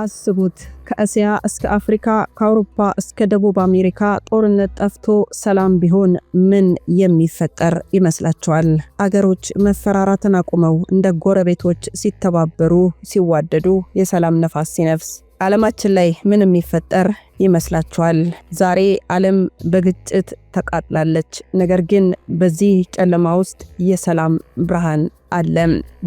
አስቡት ከእስያ እስከ አፍሪካ ከአውሮፓ እስከ ደቡብ አሜሪካ ጦርነት ጠፍቶ ሰላም ቢሆን ምን የሚፈጠር ይመስላችኋል? አገሮች መፈራራትን አቁመው እንደ ጎረቤቶች ሲተባበሩ፣ ሲዋደዱ የሰላም ነፋስ ሲነፍስ ዓለማችን ላይ ምን የሚፈጠር ይመስላችኋል? ዛሬ ዓለም በግጭት ተቃጥላለች። ነገር ግን በዚህ ጨለማ ውስጥ የሰላም ብርሃን አለ።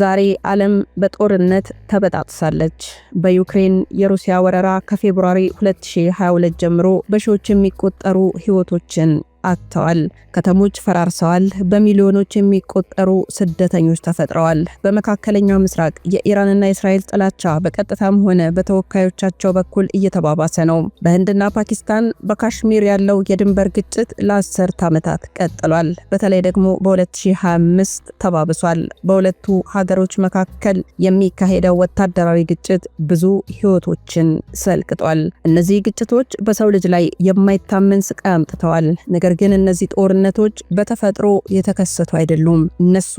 ዛሬ ዓለም በጦርነት ተበጣጥሳለች። በዩክሬን የሩሲያ ወረራ ከፌብሯሪ 2022 ጀምሮ በሺዎች የሚቆጠሩ ህይወቶችን አጥተዋል። ከተሞች ፈራርሰዋል። በሚሊዮኖች የሚቆጠሩ ስደተኞች ተፈጥረዋል። በመካከለኛው ምስራቅ የኢራንና የእስራኤል ጥላቻ በቀጥታም ሆነ በተወካዮቻቸው በኩል እየተባባሰ ነው። በህንድና ፓኪስታን በካሽሚር ያለው የድንበር ግጭት ለአስርት ዓመታት ቀጥሏል። በተለይ ደግሞ በ2025 ተባብሷል። በሁለቱ ሀገሮች መካከል የሚካሄደው ወታደራዊ ግጭት ብዙ ህይወቶችን ሰልቅጧል። እነዚህ ግጭቶች በሰው ልጅ ላይ የማይታመን ስቃይ አምጥተዋል። ነገር ነገር ግን እነዚህ ጦርነቶች በተፈጥሮ የተከሰቱ አይደሉም። እነሱ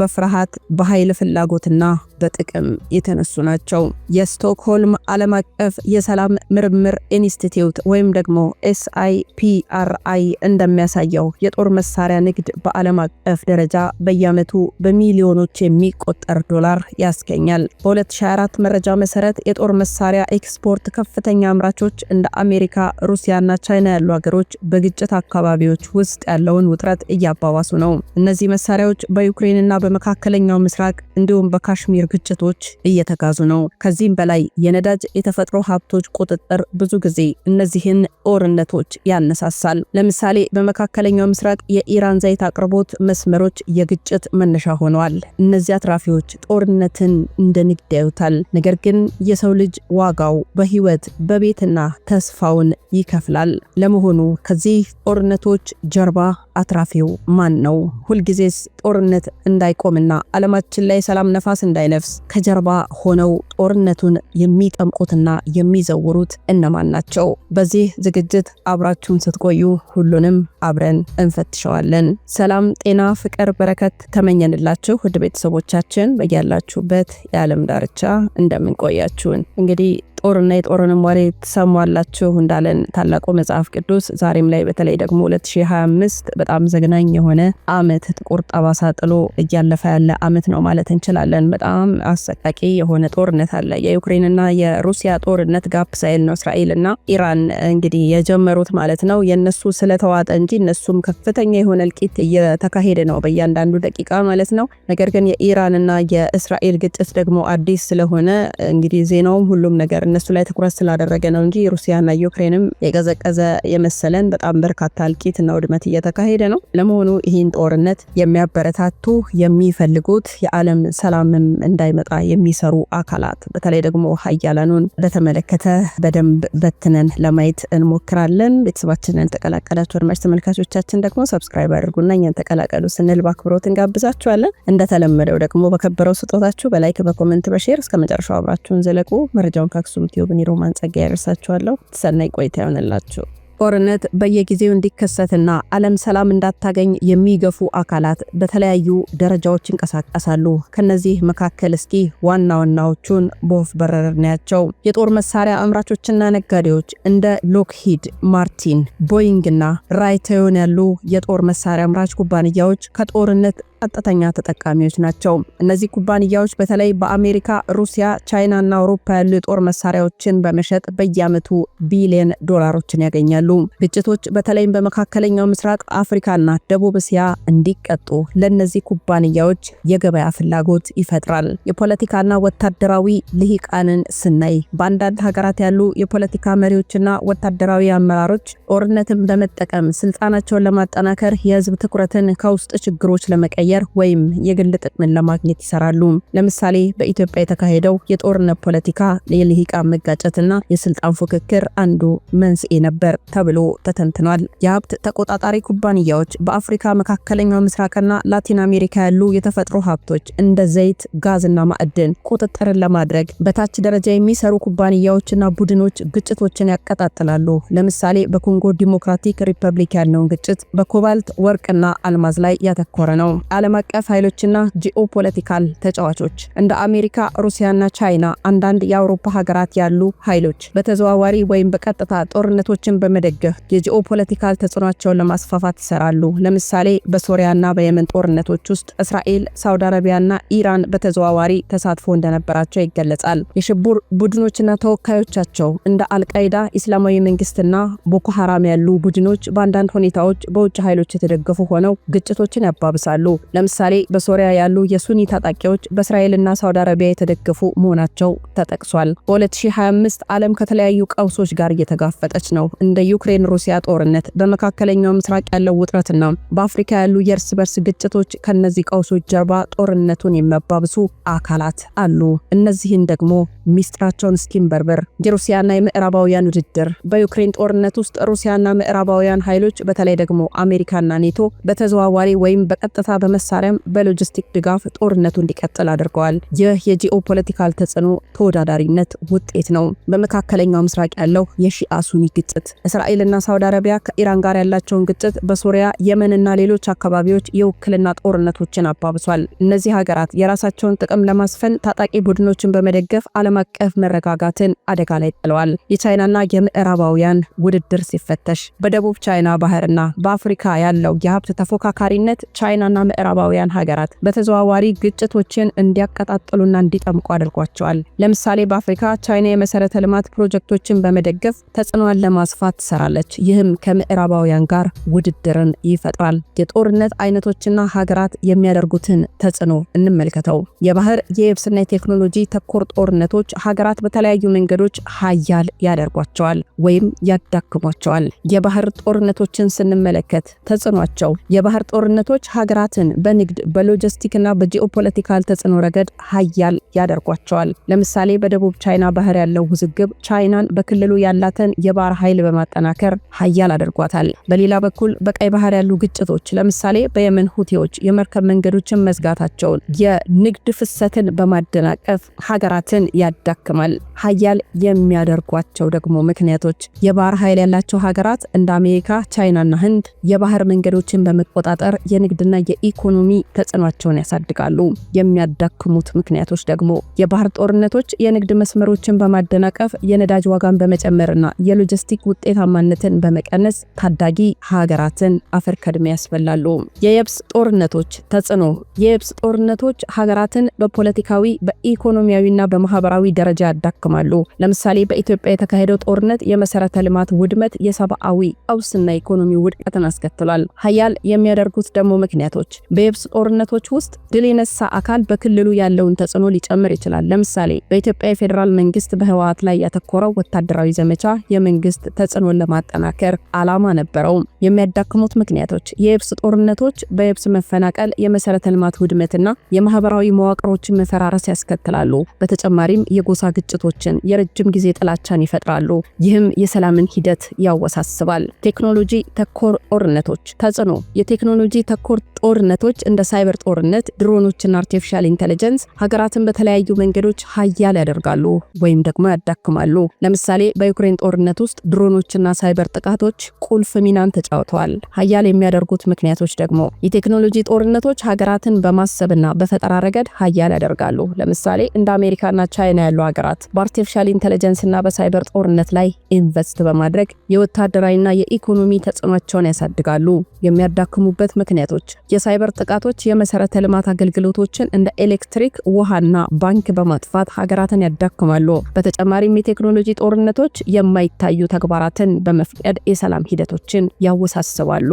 በፍርሃት በኃይል ፍላጎትና በጥቅም የተነሱ ናቸው። የስቶክሆልም ዓለም አቀፍ የሰላም ምርምር ኢንስቲትዩት ወይም ደግሞ ኤስአይፒአርአይ እንደሚያሳየው የጦር መሳሪያ ንግድ በዓለም አቀፍ ደረጃ በየዓመቱ በሚሊዮኖች የሚቆጠር ዶላር ያስገኛል። በ2024 መረጃ መሰረት የጦር መሳሪያ ኤክስፖርት ከፍተኛ አምራቾች እንደ አሜሪካ፣ ሩሲያና ቻይና ያሉ ሀገሮች በግጭት አካባቢዎች ውስጥ ያለውን ውጥረት እያባባሱ ነው። እነዚህ መሳሪያዎች በዩክሬንና በመካከለኛው ምስራቅ እንዲሁም በካሽሚር ግጭቶች እየተጋዙ ነው። ከዚህም በላይ የነዳጅ የተፈጥሮ ሀብቶች ቁጥጥር ብዙ ጊዜ እነዚህን ጦርነቶች ያነሳሳል። ለምሳሌ በመካከለኛው ምስራቅ የኢራን ዘይት አቅርቦት መስመሮች የግጭት መነሻ ሆነዋል። እነዚህ አትራፊዎች ጦርነትን እንደ ንግድ ያዩታል። ነገር ግን የሰው ልጅ ዋጋው በህይወት በቤትና ተስፋውን ይከፍላል። ለመሆኑ ከዚህ ጦርነቶች ጀርባ አትራፊው ማን ነው? ሁልጊዜስ ጦርነት እንዳይቆምና ዓለማችን ላይ ሰላም ነፋስ እንዳይነፍስ ከጀርባ ሆነው ጦርነቱን የሚጠምቁትና የሚዘውሩት እነማን ናቸው? በዚህ ዝግጅት አብራችሁን ስትቆዩ ሁሉንም አብረን እንፈትሸዋለን። ሰላም፣ ጤና፣ ፍቅር፣ በረከት ተመኘንላችሁ ውድ ቤተሰቦቻችን በያላችሁበት የዓለም ዳርቻ እንደምንቆያችሁን እንግዲህ ጦርና የጦርንም ወሬ ትሰሟላችሁ እንዳለን ታላቁ መጽሐፍ ቅዱስ ዛሬም ላይ በተለይ ደግሞ 2025 በጣም ዘግናኝ የሆነ አመት ጥቁር ጠባሳ ጥሎ እያለፈ ያለ አመት ነው ማለት እንችላለን። በጣም አሰቃቂ የሆነ ጦርነት አለ። የዩክሬንና የሩሲያ ጦርነት ጋፕ ሳይል ነው እስራኤል ኢራን እንግዲህ የጀመሩት ማለት ነው። የነሱ ስለተዋጠ እንጂ እነሱም ከፍተኛ የሆነ እልቂት እየተካሄደ ነው በእያንዳንዱ ደቂቃ ማለት ነው። ነገር ግን የኢራንና የእስራኤል ግጭት ደግሞ አዲስ ስለሆነ እንግዲህ ዜናውም ሁሉም ነገር በእነሱ ላይ ትኩረት ስላደረገ ነው እንጂ ሩሲያና ዩክሬንም የቀዘቀዘ የመሰለን በጣም በርካታ እና ውድመት እየተካሄደ ነው። ለመሆኑ ይህን ጦርነት የሚያበረታቱ የሚፈልጉት የዓለም ሰላምም እንዳይመጣ የሚሰሩ አካላት በተለይ ደግሞ ሀያላኑን በተመለከተ በደንብ በትነን ለማየት እንሞክራለን። ቤተሰባችንን ተቀላቀላችሁ አድማጭ ተመልካቾቻችን ደግሞ ሰብስክራይብ አድርጉና እኛን ተቀላቀሉ ስንል በአክብሮት እንጋብዛችኋለን። እንደተለመደው ደግሞ በከበረው ስጦታችሁ በላይክ በኮመንት በሼር እስከ መጨረሻው አብራችሁን ዘለቁ። መረጃውን ከክሱ በፍጹም ቲዩብን ሮማን ጸጋ ያደርሳችኋለሁ። ሰናይ ቆይታ ይሆንላችሁ። ጦርነት በየጊዜው እንዲከሰትና ዓለም ሰላም እንዳታገኝ የሚገፉ አካላት በተለያዩ ደረጃዎች ይንቀሳቀሳሉ። ከነዚህ መካከል እስኪ ዋና ዋናዎቹን በወፍ በረር የጦር መሳሪያ አምራቾችና ነጋዴዎች እንደ ሎክሂድ ማርቲን፣ ቦይንግና ራይተዮን ያሉ የጦር መሳሪያ አምራች ኩባንያዎች ከጦርነት ቀጥተኛ ተጠቃሚዎች ናቸው። እነዚህ ኩባንያዎች በተለይ በአሜሪካ፣ ሩሲያ፣ ቻይና እና አውሮፓ ያሉ የጦር መሳሪያዎችን በመሸጥ በየዓመቱ ቢሊየን ዶላሮችን ያገኛሉ። ግጭቶች በተለይም በመካከለኛው ምስራቅ፣ አፍሪካና ደቡብ እስያ እንዲቀጡ ለእነዚህ ኩባንያዎች የገበያ ፍላጎት ይፈጥራል። የፖለቲካና ወታደራዊ ልሂቃንን ስናይ በአንዳንድ ሀገራት ያሉ የፖለቲካ መሪዎችና ወታደራዊ አመራሮች ጦርነትን በመጠቀም ስልጣናቸውን ለማጠናከር የህዝብ ትኩረትን ከውስጥ ችግሮች ለመቀየር ለመቀየር ወይም የግል ጥቅምን ለማግኘት ይሰራሉ። ለምሳሌ በኢትዮጵያ የተካሄደው የጦርነት ፖለቲካ የልሂቃን መጋጨትና የስልጣን ፉክክር አንዱ መንስኤ ነበር ተብሎ ተተንትኗል። የሀብት ተቆጣጣሪ ኩባንያዎች በአፍሪካ መካከለኛው ምስራቅና ላቲን አሜሪካ ያሉ የተፈጥሮ ሀብቶች እንደ ዘይት፣ ጋዝና ማዕድን ቁጥጥርን ለማድረግ በታች ደረጃ የሚሰሩ ኩባንያዎችና ቡድኖች ግጭቶችን ያቀጣጥላሉ። ለምሳሌ በኮንጎ ዲሞክራቲክ ሪፐብሊክ ያለውን ግጭት በኮባልት ወርቅና አልማዝ ላይ ያተኮረ ነው። ዓለም አቀፍ ኃይሎችና ጂኦፖለቲካል ተጫዋቾች እንደ አሜሪካ፣ ሩሲያና ቻይና አንዳንድ የአውሮፓ ሀገራት ያሉ ኃይሎች በተዘዋዋሪ ወይም በቀጥታ ጦርነቶችን በመደገፍ የጂኦፖለቲካል ተጽዕኖቸውን ለማስፋፋት ይሰራሉ። ለምሳሌ በሶሪያና በየመን ጦርነቶች ውስጥ እስራኤል፣ ሳውዲ አረቢያና ኢራን በተዘዋዋሪ ተሳትፎ እንደነበራቸው ይገለጻል። የሽብር ቡድኖችና ተወካዮቻቸው እንደ አልቃይዳ፣ ኢስላማዊ መንግስትና ቦኮ ሀራም ያሉ ቡድኖች በአንዳንድ ሁኔታዎች በውጭ ኃይሎች የተደገፉ ሆነው ግጭቶችን ያባብሳሉ። ለምሳሌ በሶሪያ ያሉ የሱኒ ታጣቂዎች በእስራኤልና ሳውዲ አረቢያ የተደገፉ መሆናቸው ተጠቅሷል። በ2025 ዓለም ከተለያዩ ቀውሶች ጋር እየተጋፈጠች ነው። እንደ ዩክሬን ሩሲያ ጦርነት፣ በመካከለኛው ምስራቅ ያለው ውጥረትና በአፍሪካ ያሉ የእርስ በርስ ግጭቶች ከነዚህ ቀውሶች ጀርባ ጦርነቱን የሚያባብሱ አካላት አሉ። እነዚህን ደግሞ ሚስጥራቸውን እስኪንበርበር የሩሲያና የምዕራባውያን ውድድር በዩክሬን ጦርነት ውስጥ ሩሲያና ምዕራባውያን ኃይሎች በተለይ ደግሞ አሜሪካና ኔቶ በተዘዋዋሪ ወይም በቀጥታ በመ መሳሪያም በሎጂስቲክ ድጋፍ ጦርነቱ እንዲቀጥል አድርገዋል። ይህ የጂኦፖለቲካል ተጽዕኖ ተወዳዳሪነት ውጤት ነው። በመካከለኛው ምስራቅ ያለው የሺአ ሱኒ ግጭት እስራኤልና ሳውዲ አረቢያ ከኢራን ጋር ያላቸውን ግጭት በሶሪያ፣ የመንና ሌሎች አካባቢዎች የውክልና ጦርነቶችን አባብሷል። እነዚህ ሀገራት የራሳቸውን ጥቅም ለማስፈን ታጣቂ ቡድኖችን በመደገፍ ዓለም አቀፍ መረጋጋትን አደጋ ላይ ጥለዋል። የቻይናና የምዕራባውያን ውድድር ሲፈተሽ በደቡብ ቻይና ባህርና በአፍሪካ ያለው የሀብት ተፎካካሪነት ቻይናና ምዕራ ምዕራባውያን ሀገራት በተዘዋዋሪ ግጭቶችን እንዲያቀጣጥሉና እንዲጠምቁ አድርጓቸዋል። ለምሳሌ በአፍሪካ ቻይና የመሰረተ ልማት ፕሮጀክቶችን በመደገፍ ተጽዕኖዋን ለማስፋት ትሰራለች። ይህም ከምዕራባውያን ጋር ውድድርን ይፈጥራል። የጦርነት አይነቶችና ሀገራት የሚያደርጉትን ተጽዕኖ እንመልከተው። የባህር የየብስና የቴክኖሎጂ ተኮር ጦርነቶች ሀገራት በተለያዩ መንገዶች ሀያል ያደርጓቸዋል ወይም ያዳክሟቸዋል። የባህር ጦርነቶችን ስንመለከት ተጽዕኗቸው የባህር ጦርነቶች ሀገራትን በንግድ በሎጂስቲክና በጂኦፖለቲካል ተጽዕኖ ረገድ ሀያል ያደርጓቸዋል። ለምሳሌ በደቡብ ቻይና ባህር ያለው ውዝግብ ቻይናን በክልሉ ያላትን የባህር ኃይል በማጠናከር ሀያል አድርጓታል። በሌላ በኩል በቀይ ባህር ያሉ ግጭቶች ለምሳሌ በየመን ሁቴዎች የመርከብ መንገዶችን መዝጋታቸውን የንግድ ፍሰትን በማደናቀፍ ሀገራትን ያዳክማል። ሀያል የሚያደርጓቸው ደግሞ ምክንያቶች የባህር ኃይል ያላቸው ሀገራት እንደ አሜሪካ፣ ቻይናና ህንድ የባህር መንገዶችን በመቆጣጠር የንግድና የኢኮ ኢኮኖሚ ተጽዕኖቸውን ያሳድጋሉ። የሚያዳክሙት ምክንያቶች ደግሞ የባህር ጦርነቶች የንግድ መስመሮችን በማደናቀፍ የነዳጅ ዋጋን በመጨመርና የሎጂስቲክ ውጤታማነትን በመቀነስ ታዳጊ ሀገራትን አፈር ከድሜ ያስበላሉ። የየብስ ጦርነቶች ተጽዕኖ የየብስ ጦርነቶች ሀገራትን በፖለቲካዊ በኢኮኖሚያዊና በማህበራዊ ደረጃ ያዳክማሉ። ለምሳሌ በኢትዮጵያ የተካሄደው ጦርነት የመሰረተ ልማት ውድመት፣ የሰብአዊ ቀውስና ኢኮኖሚ ውድቀትን አስከትሏል። ሀያል የሚያደርጉት ደግሞ ምክንያቶች በየብስ ጦርነቶች ውስጥ ድል የነሳ አካል በክልሉ ያለውን ተጽዕኖ ሊጨምር ይችላል። ለምሳሌ በኢትዮጵያ የፌዴራል መንግስት በህወሓት ላይ ያተኮረው ወታደራዊ ዘመቻ የመንግስት ተጽዕኖን ለማጠናከር አላማ ነበረውም። የሚያዳክሙት ምክንያቶች የየብስ ጦርነቶች በየብስ መፈናቀል፣ የመሰረተ ልማት ውድመትና የማህበራዊ መዋቅሮችን መፈራረስ ያስከትላሉ። በተጨማሪም የጎሳ ግጭቶችን፣ የረጅም ጊዜ ጥላቻን ይፈጥራሉ። ይህም የሰላምን ሂደት ያወሳስባል። ቴክኖሎጂ ተኮር ጦርነቶች ተጽዕኖ የቴክኖሎጂ ተኮር ጦርነት ጥቃቶች እንደ ሳይበር ጦርነት፣ ድሮኖችና አርቲፊሻል ኢንተለጀንስ ሀገራትን በተለያዩ መንገዶች ሀያል ያደርጋሉ ወይም ደግሞ ያዳክማሉ። ለምሳሌ በዩክሬን ጦርነት ውስጥ ድሮኖችና ሳይበር ጥቃቶች ቁልፍ ሚናን ተጫውተዋል። ሀያል የሚያደርጉት ምክንያቶች ደግሞ የቴክኖሎጂ ጦርነቶች ሀገራትን በማሰብና በፈጠራ ረገድ ሀያል ያደርጋሉ። ለምሳሌ እንደ አሜሪካና ቻይና ያሉ ሀገራት በአርቲፊሻል ኢንተለጀንስና በሳይበር ጦርነት ላይ ኢንቨስት በማድረግ የወታደራዊና የኢኮኖሚ ተጽዕኖቸውን ያሳድጋሉ። የሚያዳክሙበት ምክንያቶች የሳይበር የሽብር ጥቃቶች የመሰረተ ልማት አገልግሎቶችን እንደ ኤሌክትሪክ፣ ውሃና ባንክ በማጥፋት ሀገራትን ያዳክማሉ። በተጨማሪም የቴክኖሎጂ ጦርነቶች የማይታዩ ተግባራትን በመፍቀድ የሰላም ሂደቶችን ያወሳስባሉ።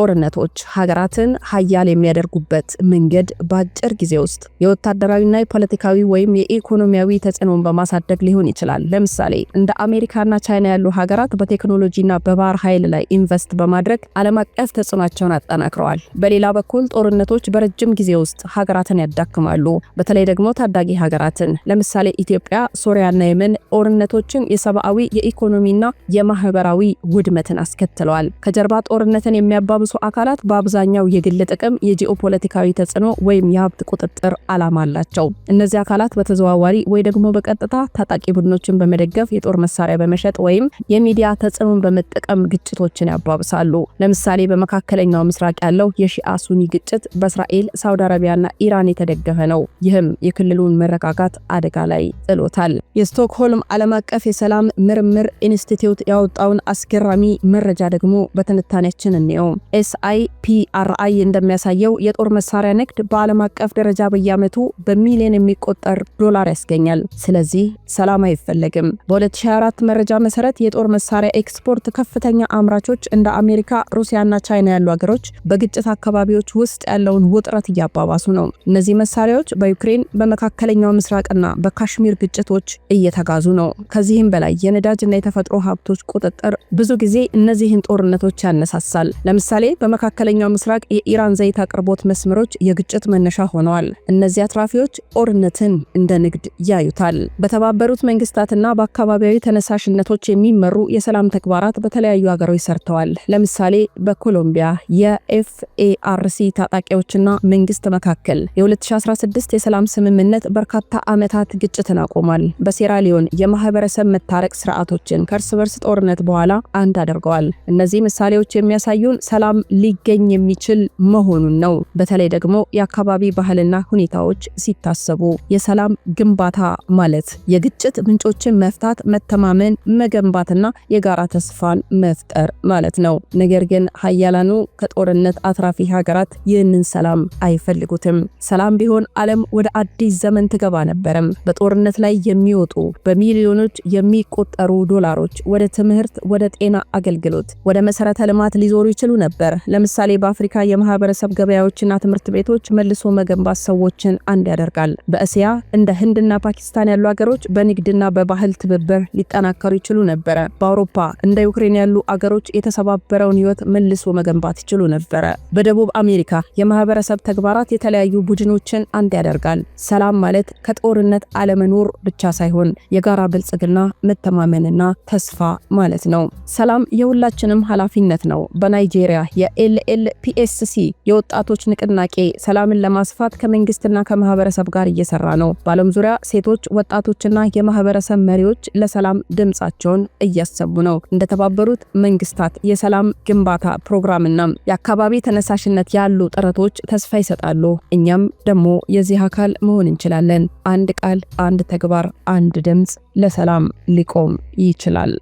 ጦርነቶች ሀገራትን ሀያል የሚያደርጉበት መንገድ በአጭር ጊዜ ውስጥ የወታደራዊና የፖለቲካዊ ወይም የኢኮኖሚያዊ ተጽዕኖን በማሳደግ ሊሆን ይችላል። ለምሳሌ እንደ አሜሪካና ቻይና ያሉ ሀገራት በቴክኖሎጂና በባህር ኃይል ላይ ኢንቨስት በማድረግ ዓለም አቀፍ ተጽዕኖቸውን አጠናክረዋል። በሌላ በኩል ጦርነቶች በረጅም ጊዜ ውስጥ ሀገራትን ያዳክማሉ፣ በተለይ ደግሞ ታዳጊ ሀገራትን። ለምሳሌ ኢትዮጵያ፣ ሶሪያና የመን ጦርነቶችን የሰብአዊ የኢኮኖሚና የማህበራዊ ውድመትን አስከትለዋል። ከጀርባ ጦርነትን የሚያባብሱ አካላት በአብዛኛው የግል ጥቅም፣ የጂኦፖለቲካዊ ተጽዕኖ ወይም የሀብት ቁጥጥር ዓላማ አላቸው። እነዚህ አካላት በተዘዋዋሪ ወይ ደግሞ በቀጥታ ታጣቂ ቡድኖችን በመደገፍ የጦር መሳሪያ በመሸጥ ወይም የሚዲያ ተጽዕኖን በመጠቀም ግጭቶችን ያባብሳሉ። ለምሳሌ በመካከለኛው ምስራቅ ያለው የሺአ ሱኒ ግጭት በእስራኤል ሳውዲ አረቢያና ኢራን የተደገፈ ነው። ይህም የክልሉን መረጋጋት አደጋ ላይ ጥሎታል። የስቶክሆልም ዓለም አቀፍ የሰላም ምርምር ኢንስቲትዩት ያወጣውን አስገራሚ መረጃ ደግሞ በትንታኔያችን እንየው። ኤስአይፒአርአይ እንደሚያሳየው የጦር መሳሪያ ንግድ በዓለም አቀፍ ደረጃ በየዓመቱ በሚሊዮን የሚቆጠር ዶላር ያስገኛል። ስለዚህ ሰላም አይፈለግም። በ2024 መረጃ መሰረት የጦር መሳሪያ ኤክስፖርት ከፍተኛ አምራቾች እንደ አሜሪካ፣ ሩሲያና ቻይና ያሉ ሀገሮች በግጭት አካባቢዎች ውስጥ ውስጥ ያለውን ውጥረት እያባባሱ ነው። እነዚህ መሳሪያዎች በዩክሬን በመካከለኛው ምስራቅና በካሽሚር ግጭቶች እየተጋዙ ነው። ከዚህም በላይ የነዳጅና የተፈጥሮ ሀብቶች ቁጥጥር ብዙ ጊዜ እነዚህን ጦርነቶች ያነሳሳል። ለምሳሌ በመካከለኛው ምስራቅ የኢራን ዘይት አቅርቦት መስመሮች የግጭት መነሻ ሆነዋል። እነዚህ አትራፊዎች ጦርነትን እንደ ንግድ ያዩታል። በተባበሩት መንግስታትና በአካባቢያዊ ተነሳሽነቶች የሚመሩ የሰላም ተግባራት በተለያዩ ሀገሮች ሰርተዋል። ለምሳሌ በኮሎምቢያ የኤፍኤአርሲ ታጣቂዎችና መንግስት መካከል የ2016 የሰላም ስምምነት በርካታ ዓመታት ግጭትን አቆሟል። በሴራሊዮን የማህበረሰብ መታረቅ ስርዓቶችን ከእርስ በርስ ጦርነት በኋላ አንድ አድርገዋል። እነዚህ ምሳሌዎች የሚያሳዩን ሰላም ሊገኝ የሚችል መሆኑን ነው። በተለይ ደግሞ የአካባቢ ባህልና ሁኔታዎች ሲታሰቡ የሰላም ግንባታ ማለት የግጭት ምንጮችን መፍታት፣ መተማመን መገንባትና የጋራ ተስፋን መፍጠር ማለት ነው። ነገር ግን ሀያላኑ ከጦርነት አትራፊ ሀገራት ይህንን ሰላም አይፈልጉትም። ሰላም ቢሆን ዓለም ወደ አዲስ ዘመን ትገባ ነበርም። በጦርነት ላይ የሚወጡ በሚሊዮኖች የሚቆጠሩ ዶላሮች ወደ ትምህርት፣ ወደ ጤና አገልግሎት፣ ወደ መሰረተ ልማት ሊዞሩ ይችሉ ነበር። ለምሳሌ በአፍሪካ የማህበረሰብ ገበያዎችና ትምህርት ቤቶች መልሶ መገንባት ሰዎችን አንድ ያደርጋል። በእስያ እንደ ህንድና ፓኪስታን ያሉ አገሮች በንግድና በባህል ትብብር ሊጠናከሩ ይችሉ ነበረ። በአውሮፓ እንደ ዩክሬን ያሉ አገሮች የተሰባበረውን ህይወት መልሶ መገንባት ይችሉ ነበረ። በደቡብ አሜሪካ የማህበረሰብ ተግባራት የተለያዩ ቡድኖችን አንድ ያደርጋል። ሰላም ማለት ከጦርነት አለመኖር ብቻ ሳይሆን የጋራ ብልጽግና፣ መተማመንና ተስፋ ማለት ነው። ሰላም የሁላችንም ኃላፊነት ነው። በናይጄሪያ የኤልኤልፒኤስሲ የወጣቶች ንቅናቄ ሰላምን ለማስፋት ከመንግስትና ከማህበረሰብ ጋር እየሰራ ነው። በዓለም ዙሪያ ሴቶች፣ ወጣቶችና የማህበረሰብ መሪዎች ለሰላም ድምጻቸውን እያሰቡ ነው። እንደተባበሩት መንግስታት የሰላም ግንባታ ፕሮግራምና የአካባቢ ተነሳሽነት ያሉ ጥረቶች ተስፋ ይሰጣሉ። እኛም ደግሞ የዚህ አካል መሆን እንችላለን። አንድ ቃል፣ አንድ ተግባር፣ አንድ ድምፅ ለሰላም ሊቆም ይችላል።